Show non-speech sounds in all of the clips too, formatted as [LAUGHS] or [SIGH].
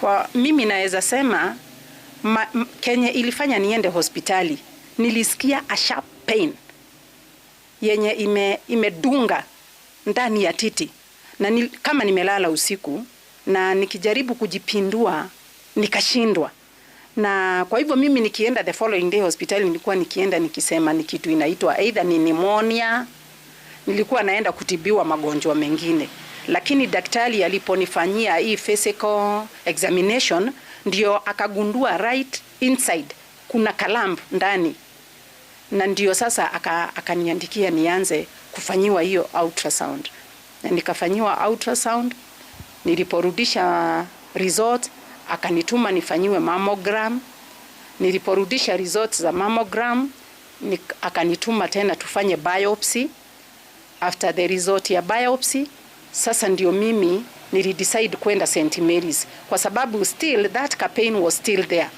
Kwa mimi naweza sema ma, kenye ilifanya niende hospitali nilisikia a sharp pain yenye ime, imedunga ndani ya titi na ni, kama nimelala usiku na nikijaribu kujipindua nikashindwa, na kwa hivyo mimi nikienda the following day hospitali nilikuwa nikienda nikisema ni kitu inaitwa either ni pneumonia, nilikuwa naenda kutibiwa magonjwa mengine lakini daktari aliponifanyia hii physical examination ndio akagundua right inside kuna kalambu ndani, na ndio sasa akaniandikia aka nianze kufanyiwa hiyo ultrasound, na nikafanyiwa ultrasound. Niliporudisha result akanituma nifanyiwe mammogram. Niliporudisha result za mammogram akanituma tena tufanye biopsy. After the result ya biopsy sasa ndio mimi nilidecide kwenda St Mary's kwa sababu still that campaign was still there,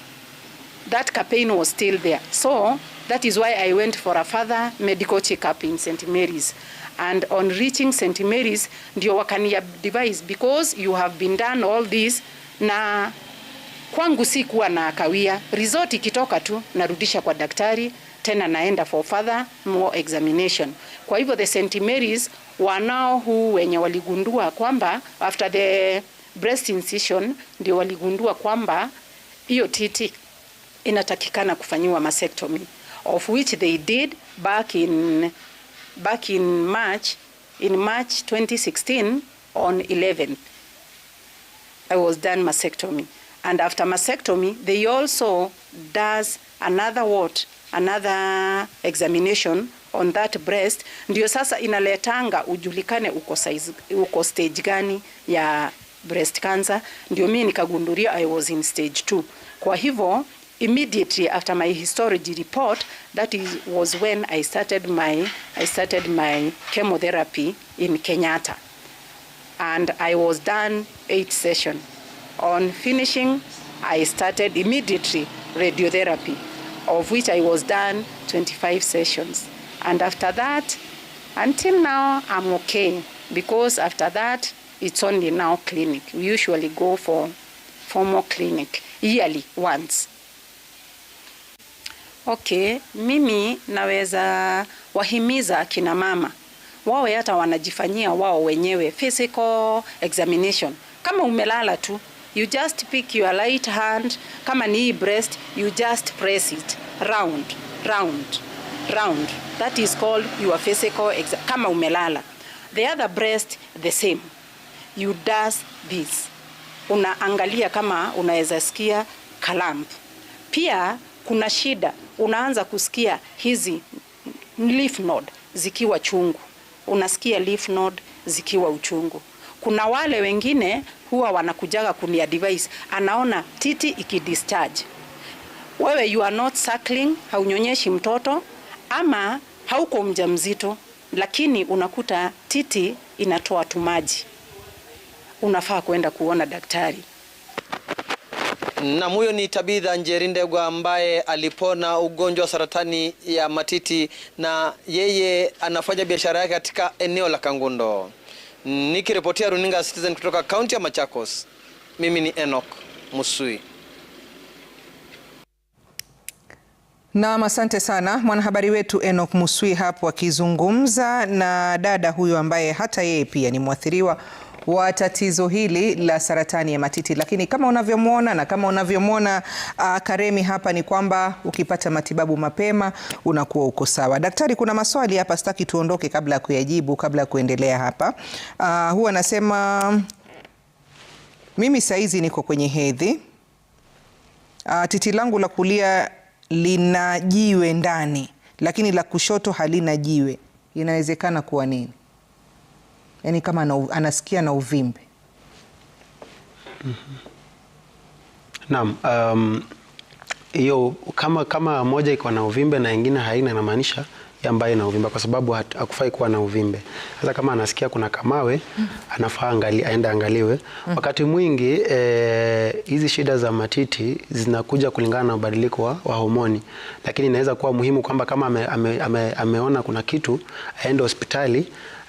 that campaign was still there, so that is why I went for a further medical up in St Mary's and on reaching St Mary's ndio wakania device because you have been done all this na kwangu si kuwa na kawia, resort ikitoka tu narudisha kwa daktari tena naenda for further more examination. Kwa hivyo the St Mary's wanao huu wenye waligundua kwamba after the breast incision ndio waligundua kwamba hiyo titi inatakikana kufanyiwa mastectomy of which they did back in, back in March in March 2016 on 11 I was done mastectomy and after mastectomy they also does another what another examination on that breast ndio sasa inaletanga ujulikane uko size, uko stage gani ya breast cancer. Ndio mimi nikagundulia I was in stage 2. Kwa hivyo immediately after my histology report that is, was when I started my, I started my chemotherapy in Kenyatta and I was done eight session. On finishing I started immediately radiotherapy of which I was done 25 sessions and after that until now I'm okay because after that it's only now clinic we usually go for formal clinic yearly once okay mimi naweza wahimiza kina mama wawe hata wanajifanyia wao wenyewe physical examination kama umelala tu you just pick your light hand kama ni breast you just press it round round round That is called your physical exam. Kama umelala. The other breast the same. You does this. Unaangalia kama unaweza sikia cramp. Pia kuna shida, unaanza kusikia hizi lymph node zikiwa chungu, unasikia lymph node zikiwa uchungu. Kuna wale wengine huwa wanakujaga kunia device, anaona titi ikidischarge. Wewe you are not suckling, haunyonyeshi mtoto ama hauko mjamzito, lakini unakuta titi inatoa tumaji, unafaa kwenda kuona daktari. Nam, huyo ni Tabitha Njeri Ndegwa ambaye alipona ugonjwa wa saratani ya matiti na yeye anafanya biashara yake katika eneo la Kangundo. Nikiripotia runinga Citizen kutoka kaunti ya Machakos, mimi ni Enoch Musui. Naam, asante sana mwanahabari wetu Enoch Muswi hapo akizungumza na dada huyo ambaye hata yeye pia ni mwathiriwa wa tatizo hili la saratani ya matiti. Lakini kama unavyomwona na kama unavyomwona uh, Karemi hapa ni kwamba ukipata matibabu mapema unakuwa uko sawa. Daktari, kuna maswali hapa sitaki tuondoke kabla ya kuyajibu, kabla ya kuendelea hapa. Uh, huwa anasema mimi saizi niko kwenye hedhi. Uh, titi langu la kulia lina jiwe ndani, lakini la kushoto halina jiwe, inawezekana kuwa nini? Yaani kama na, anasikia na uvimbe mm -hmm. um, hiyo kama kama moja iko na uvimbe na ingine haina, inamaanisha ambaye na uvimbe kwa sababu hakufai kuwa na uvimbe. Sasa kama anasikia kuna kamawe mm. anafaa angali, aende angaliwe mm. wakati mwingi eh, hizi e, shida za matiti zinakuja kulingana na ubadiliko wa, wa homoni, lakini inaweza kuwa muhimu kwamba kama ame, ame, ame, ameona kuna kitu aende hospitali,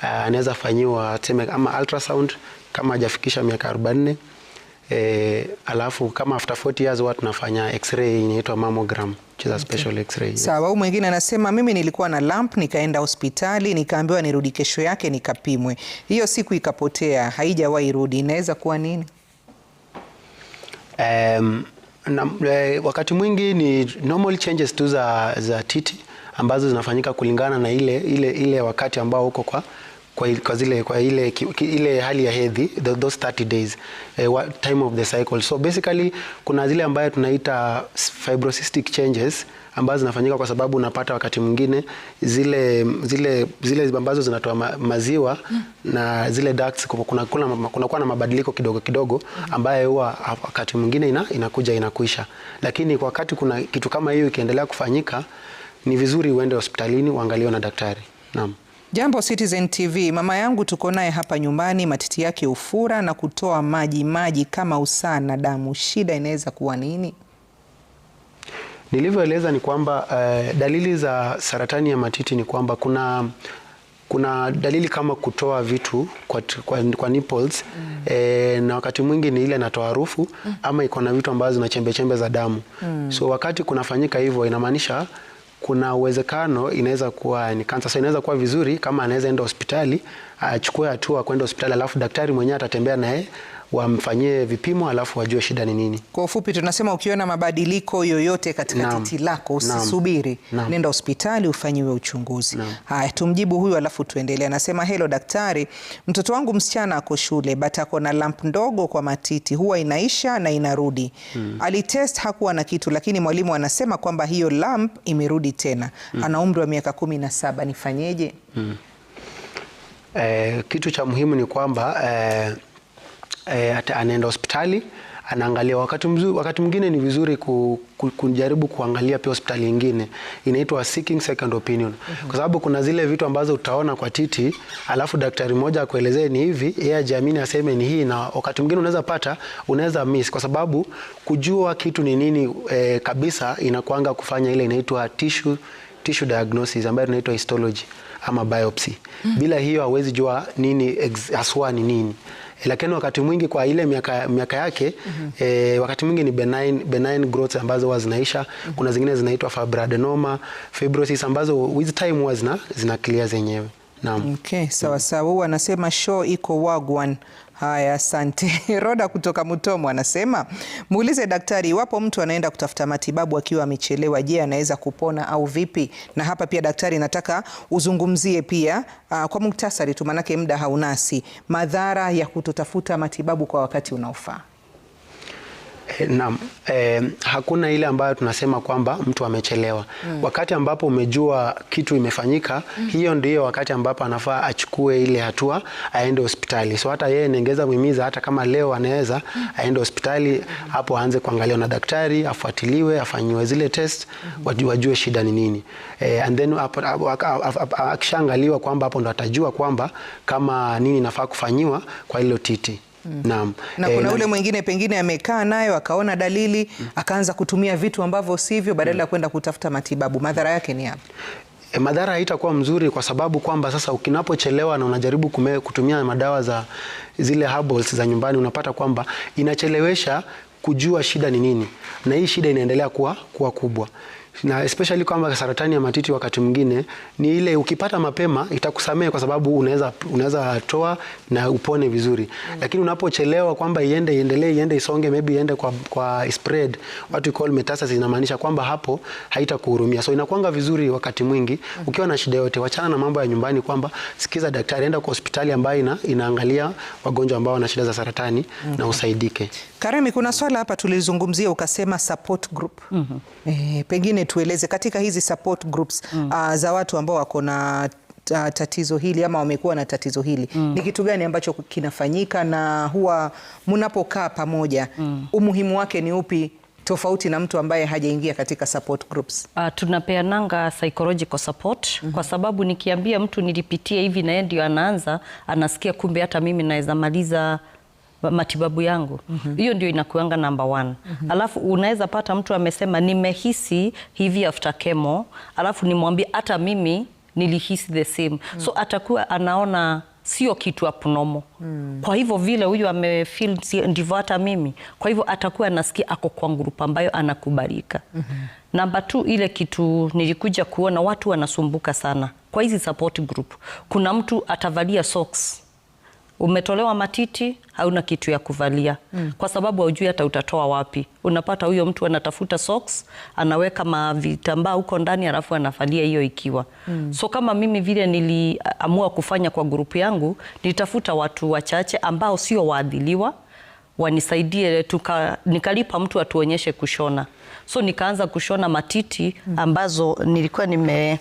eh, anaweza fanyiwa ama ultrasound kama hajafikisha miaka 40 E, alafu kama after 40 years huwa tunafanya x-ray inaitwa mammogram, which is a special x-ray. Yes. Sawa, huyu mwingine anasema mimi nilikuwa na lump nikaenda hospitali nikaambiwa nirudi kesho yake nikapimwe. Hiyo siku ikapotea, haijawahi rudi. Inaweza kuwa nini? Um, na, eh, wakati mwingi ni normal changes tu za, za titi ambazo zinafanyika kulingana na ile, ile, ile wakati ambao uko kwa kwa, kwa, zile, kwa ile, ki, ile hali ya hedhi those 30 days eh, what time of the cycle. So basically kuna zile ambayo tunaita fibrocystic changes ambazo zinafanyika kwa sababu unapata wakati mwingine zile, zile, zile ambazo zinatoa ma, maziwa mm. na zile ducts kuna, kuna, kuna na mabadiliko kidogo kidogo ambayo huwa wakati mwingine ina, inakuja inakuisha, lakini kwa wakati kuna kitu kama hiyo ikiendelea kufanyika, ni vizuri uende hospitalini uangaliwe na daktari. Naam. Jambo Citizen TV, mama yangu tuko naye hapa nyumbani, matiti yake ufura na kutoa maji maji kama usaa na damu. Shida inaweza kuwa nini? Nilivyoeleza ni kwamba uh, dalili za saratani ya matiti ni kwamba kuna kuna dalili kama kutoa vitu kwa, kwa, kwa nipples mm. E, na wakati mwingi ni ile natoa harufu mm. ama iko na vitu ambazo zina chembe chembe za damu mm. So wakati kunafanyika hivyo inamaanisha kuna uwezekano inaweza kuwa ni kansa. So inaweza kuwa vizuri kama anaweza enda hospitali achukue hatua kwenda hospitali, alafu daktari mwenyewe atatembea naye wamfanyie vipimo alafu wajue shida ni nini. Kwa ufupi tunasema ukiona mabadiliko yoyote katika naam, titi lako usisubiri, nenda hospitali ufanyiwe uchunguzi. Haya, tumjibu huyu alafu tuendelee. Anasema helo daktari, mtoto wangu msichana ako shule but ako na lamp ndogo kwa matiti, huwa inaisha na inarudi hmm. Alitest hakuwa na kitu, lakini mwalimu anasema kwamba hiyo lamp imerudi tena hmm. Ana umri wa miaka kumi na saba, nifanyeje? hmm. Eh, kitu cha muhimu ni kwamba eh, e, anaenda hospitali anaangalia. Wakati mzuri, wakati mwingine ni vizuri ku, ku, kujaribu kuangalia pia hospitali nyingine inaitwa seeking second opinion mm -hmm. Kwa sababu kuna zile vitu ambazo utaona kwa titi alafu daktari mmoja akuelezee ni hivi, yeye ajiamini aseme ni hii, na wakati mwingine unaweza pata, unaweza miss, kwa sababu kujua kitu ni nini e, kabisa inakuanga kufanya ile inaitwa tissue tissue diagnosis ambayo inaitwa histology ama biopsy mm -hmm. Bila hiyo hawezi jua nini haswa ni nini lakini wakati mwingi kwa ile miaka, miaka yake mm -hmm. e, wakati mwingi ni benign, benign growth ambazo huwa zinaisha mm -hmm. kuna zingine zinaitwa fibroadenoma, fibrosis ambazo with time huwa zina, zina clear zenyewe. Naam. Okay, sawa sawa. Wanasema show iko wagwan Haya, asante. [LAUGHS] Roda kutoka Mutomo anasema muulize daktari iwapo mtu anaenda kutafuta matibabu akiwa amechelewa, je, anaweza kupona au vipi? Na hapa pia daktari, nataka uzungumzie pia aa, ah, kwa muktasari tu, maanake muda haunasi, madhara ya kutotafuta matibabu kwa wakati unaofaa. E, eh, na, e, eh, hakuna ile ambayo tunasema kwamba mtu amechelewa. Mm. Wakati ambapo umejua kitu imefanyika, mm. hiyo ndiyo wakati ambapo anafaa achukue ile hatua aende hospitali. So hata yeye niongeza muhimiza hata kama leo anaweza mm. aende hospitali mm. aanze kuangaliwa na daktari, afuatiliwe, afanyiwe zile test, mm. wajue shida ni nini. E, and then akishaangaliwa kwamba hapo ndo atajua kwamba kama nini nafaa kufanyiwa kwa hilo titi. Mm. Naam. Na kuna e, ule mwingine pengine amekaa nayo akaona dalili mm. akaanza kutumia vitu ambavyo sivyo badala ya mm. kwenda kutafuta matibabu. Madhara yake ni yapi? E, madhara haitakuwa mzuri kwa sababu kwamba sasa ukinapochelewa na unajaribu kume, kutumia madawa za zile herbals za nyumbani unapata kwamba inachelewesha kujua shida ni nini na hii shida inaendelea kuwa, kuwa kubwa na especially kwamba saratani ya matiti wakati mwingine ni ile ukipata mapema itakusamea kwa sababu unaweza unaweza toa na upone vizuri mm. Lakini unapochelewa kwamba iende iendelee iende isonge maybe iende kwa, kwa spread what we call metastasis, inamaanisha kwamba hapo haitakuhurumia. So inakuanga vizuri wakati mwingi mm. Ukiwa na shida yote, wachana na mambo ya nyumbani, kwamba sikiza daktari, enda kwa hospitali ambayo ina, inaangalia wagonjwa ambao wana shida za saratani mm. na usaidike. Karemi, kuna swala hapa tulizungumzia ukasema support group mm -hmm. E, pengine pengine tueleze katika hizi support groups mm. uh, za watu ambao wako na tatizo hili ama wamekuwa na tatizo hili mm. ni kitu gani ambacho kinafanyika na huwa mnapokaa pamoja mm. umuhimu wake ni upi tofauti na mtu ambaye hajaingia katika support groups? Uh, tunapeananga psychological support mm -hmm. Kwa mhm. sababu nikiambia mtu nilipitia hivi na yeye ndio anaanza, anasikia kumbe hata mimi naweza maliza matibabu yangu mhm. hiyo mm -hmm. Ndio inakuanga number one mm -hmm. Alafu unaweza pata mtu amesema nimehisi hivi after chemo, alafu nimwambie hata mimi nilihisi the same mm -hmm. So atakuwa anaona sio kitu abnormal mm. Kwa hivyo vile huyu amefeel ndivyo hata mimi, kwa hivyo atakuwa anasikia ako kwa grupu ambayo anakubalika mm -hmm. Namba tu ile kitu nilikuja kuona watu wanasumbuka sana kwa hizi support group, kuna mtu atavalia socks mm umetolewa matiti, hauna kitu ya kuvalia mm. kwa sababu haujui hata utatoa wapi. Unapata huyo mtu anatafuta socks, anaweka mavitambaa huko ndani, alafu anafalia hiyo ikiwa mm. so kama mimi vile niliamua kufanya kwa grupu yangu, nitafuta watu wachache ambao sio waadhiliwa wanisaidie tuka, nikalipa mtu atuonyeshe kushona. So nikaanza kushona matiti mm. ambazo nilikuwa nime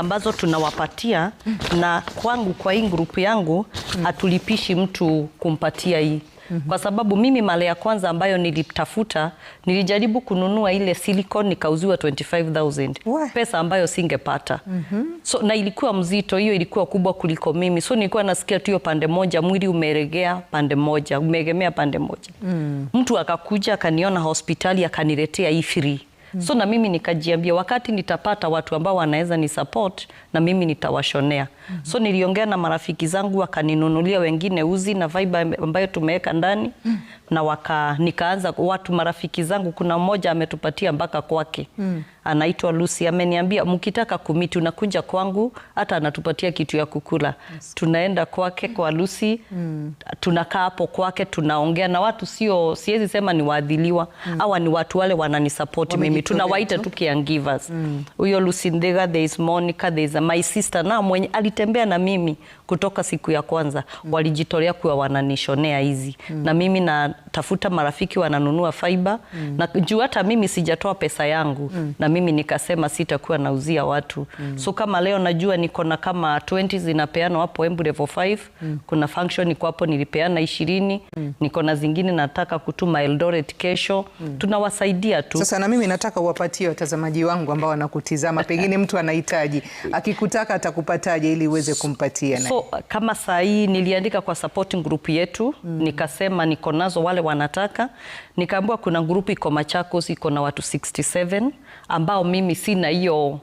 ambazo tunawapatia na kwangu kwa hii grupu yangu hatulipishi mtu kumpatia hii kwa sababu mimi mara ya kwanza ambayo nilitafuta nilijaribu kununua ile silicone nikauziwa 25000 pesa ambayo singepata. mm -hmm. So, na ilikuwa mzito, hiyo ilikuwa kubwa kuliko mimi, so nilikuwa nasikia tu hiyo pande moja, mwili umeregea pande moja, umeegemea pande moja. mm. Mtu akakuja akaniona hospitali akaniletea hii free mm. So na mimi nikajiambia wakati nitapata watu ambao wanaweza ni support na mimi nitawashonea mm -hmm. So niliongea na marafiki zangu wakaninunulia wengine uzi na vibe ambayo tumeweka ndani mm na waka nikaanza watu marafiki zangu, kuna mmoja ametupatia mpaka kwake mm. Anaitwa Lucy, ameniambia mkitaka kumiti unakuja kwangu, hata anatupatia kitu ya kukula yes. Tunaenda kwake kwa Lucy mm. Tunakaa hapo kwake, tunaongea na watu, sio siwezi sema ni waadhiliwa mm. Hawa ni watu wale wananisupport mimi, tunawaita tu care givers hmm. huyo mm. Lucy Ndega, there is Monica, there is my sister na mwenye alitembea na mimi kutoka siku ya kwanza mm. Walijitolea kuwa wananishonea hizi mm. na mimi na wanatafuta marafiki wananunua faiba mm. na juu hata mimi sijatoa pesa yangu mm. na mimi nikasema sitakuwa nauzia watu mm. so kama leo najua niko na kama 20 zinapeanwa hapo Embu level 5 mm. kuna function iko hapo nilipeana 20 mm. niko na zingine nataka kutuma Eldoret kesho mm. tunawasaidia tu. Sasa na mimi nataka uwapatie watazamaji wangu ambao wanakutizama pengine mtu anahitaji akikutaka atakupataje ili uweze kumpatia So kama saa hii niliandika kwa supporting group yetu mm. nikasema niko nazo wale wanataka. Nikaambiwa kuna grupu iko Machakos iko na watu 67 ambao mimi sina hiyo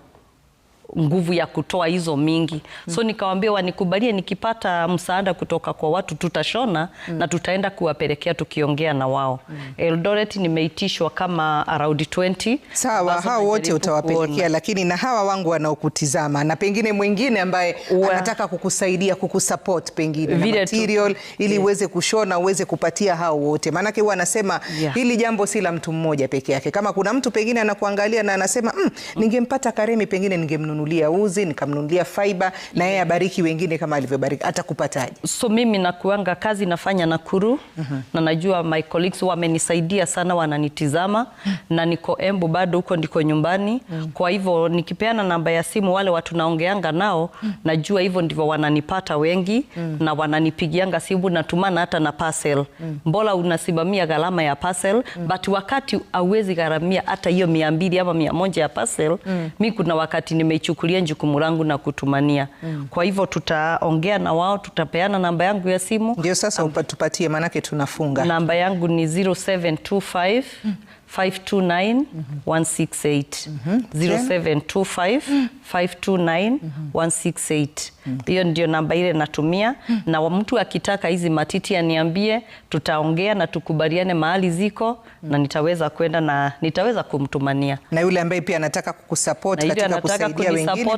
nguvu ya kutoa hizo mingi mm. So nikawaambia wanikubalie, nikipata msaada kutoka kwa watu tutashona mm. na tutaenda kuwapelekea tukiongea na wao mm. Eldoret nimeitishwa kama around 20. Sawa, hao wote utawapelekea, lakini na hawa wangu wanaokutizama na pengine mwingine ambaye Uwa. anataka kukusaidia kukusupport pengine na material ili yeah. uweze kushona uweze kupatia hao wote, maanake huwa anasema yeah. hili jambo si la mtu mmoja peke yake. Kama kuna mtu pengine anakuangalia na anasema mm, mm. ningempata Karemi pengine ningemnunua nikamnunulia uzi, nikamnunulia fiber na yeye abariki wengine kama alivyobariki, atakupataje? So mimi nakuanga kazi nafanya Nakuru mm -hmm. na najua my colleagues wamenisaidia sana, wananitizama mm -hmm. na niko Embu bado huko ndiko nyumbani mm -hmm. kwa hivyo nikipeana namba ya simu wale watu naongeanga nao mm -hmm. najua hivyo ndivyo wananipata wengi mm -hmm. na wananipigianga simu natumana hata na parcel mm -hmm. Mbola unasimamia gharama ya parcel mm -hmm. but wakati awezi gharamia hata hiyo mia mbili ama mia moja ya parcel mm -hmm. mi kuna wakati nimeichukua nichukulie jukumu langu na kutumania mm. Kwa hivyo tutaongea na wao, tutapeana namba yangu ya simu. Ndio sasa upatupatie, maanake tunafunga. Namba yangu ni 0725 mm. Hiyo ndio namba ile natumia, mm. na mtu akitaka hizi matiti aniambie, tutaongea na tukubaliane mahali ziko mm. na nitaweza kwenda na nitaweza kumtumania, na yule ambaye pia anataka kukusupport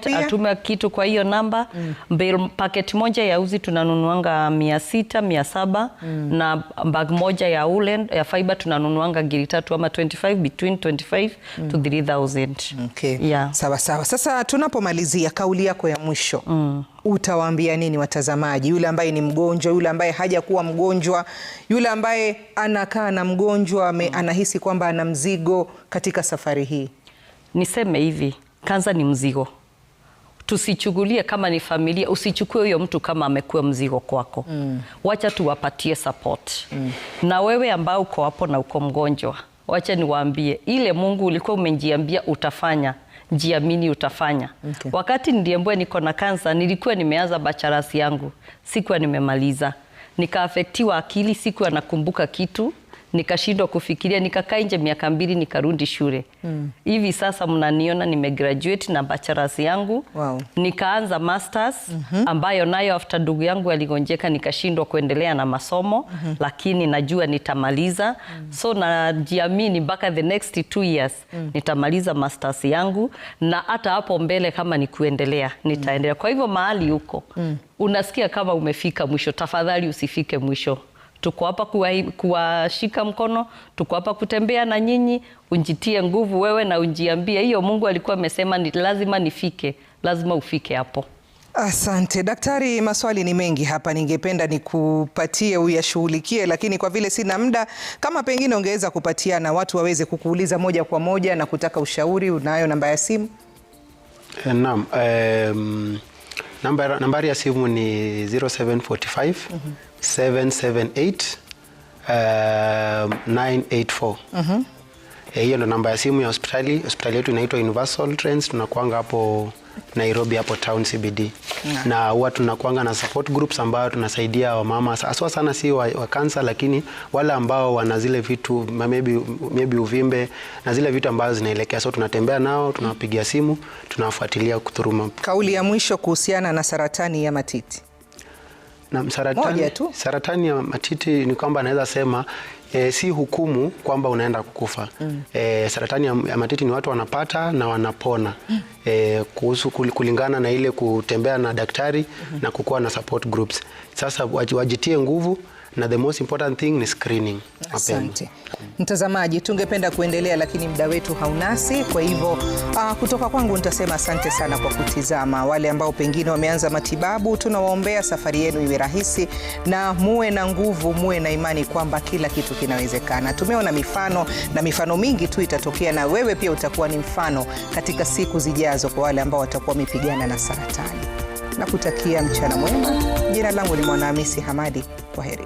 atume kitu kwa hiyo namba mm. Paketi moja ya uzi tunanunuanga mia sita mia saba mm. na bag moja ya woolen ya fiber tunanunuanga giri tatu ama 25 between 25 mm. to 3000. Okay. Yeah. Sawa sawa. Sasa tunapomalizia kauli yako ya mwisho mm. utawaambia nini watazamaji, yule ambaye ni mgonjwa, yule ambaye hajakuwa mgonjwa, yule ambaye anakaa na mgonjwa mm. anahisi kwamba ana mzigo katika safari hii? Niseme hivi, kanza ni mzigo tusichukulie kama ni familia, usichukue huyo mtu kama amekuwa mzigo kwako mm. Wacha tuwapatie support mm. Na wewe ambao uko hapo na uko mgonjwa wacha niwaambie, ile Mungu ulikuwa umejiambia utafanya jiamini utafanya. Okay. Wakati niliambiwa niko na kansa, nilikuwa nimeanza bacharasi yangu, sikuwa nimemaliza, nikaafektiwa akili, sikuwa nakumbuka kitu nikashindwa kufikiria, nikakaa nje miaka mbili, nikarudi shule hmm. hivi mm. Sasa mnaniona nimegraduate na bachelor's yangu wow. Nikaanza masters mm -hmm. ambayo nayo after ndugu yangu aligonjeka nikashindwa kuendelea na masomo mm -hmm. lakini najua nitamaliza mm -hmm. so najiamini mpaka the next two years mm -hmm. nitamaliza masters yangu na hata hapo mbele kama ni kuendelea nitaendelea. Hmm. Kwa hivyo mahali huko mm -hmm. unasikia kama umefika mwisho, tafadhali usifike mwisho tuko hapa kuwashika mkono, tuko hapa kutembea na nyinyi. Unjitie nguvu wewe na unjiambie hiyo Mungu alikuwa amesema ni lazima nifike, lazima ufike hapo. Asante daktari, maswali ni mengi hapa, ningependa nikupatie uyashughulikie, lakini kwa vile sina muda, kama pengine ungeweza kupatia na watu waweze kukuuliza moja kwa moja na kutaka ushauri, unayo namba ya simu? Eh, naam, um, nambari ya simu ni 0745 mm -hmm uh, 984. mm hiyo ndo namba ya simu ya hospitali. Hospitali yetu inaitwa Universal Trends, tunakuanga hapo Nairobi hapo town CBD na, na huwa tunakuanga na support groups ambao tunasaidia wamama haswa sana si wa, wa cancer, lakini wale ambao wana zile vitu maybe, maybe uvimbe na zile vitu ambazo zinaelekea, so tunatembea nao, tunawapigia simu, tunawafuatilia kuthuruma. Kauli ya mwisho kuhusiana na saratani ya matiti. Na saratani, saratani ya matiti ni kwamba anaweza sema e, si hukumu kwamba unaenda kukufa mm. E, saratani ya matiti ni watu wanapata na wanapona mm. E, kuhusu kulingana na ile kutembea na daktari mm -hmm. na kukuwa na support groups. Sasa wajitie nguvu na the most important thing ni screening. Asante. Mtazamaji, tungependa kuendelea lakini muda wetu haunasi. Kwa hivyo uh, kutoka kwangu nitasema asante sana kwa kutizama. Wale ambao pengine wameanza matibabu, tunawaombea safari yenu iwe rahisi na muwe na nguvu, muwe na imani kwamba kila kitu kinawezekana. Tumeona mifano na mifano mingi tu itatokea, na wewe pia utakuwa ni mfano katika siku zijazo kwa wale ambao watakuwa wamepigana na saratani na kutakia mchana mwema. Jina langu ni mwanaamisi Hamadi. Kwa heri.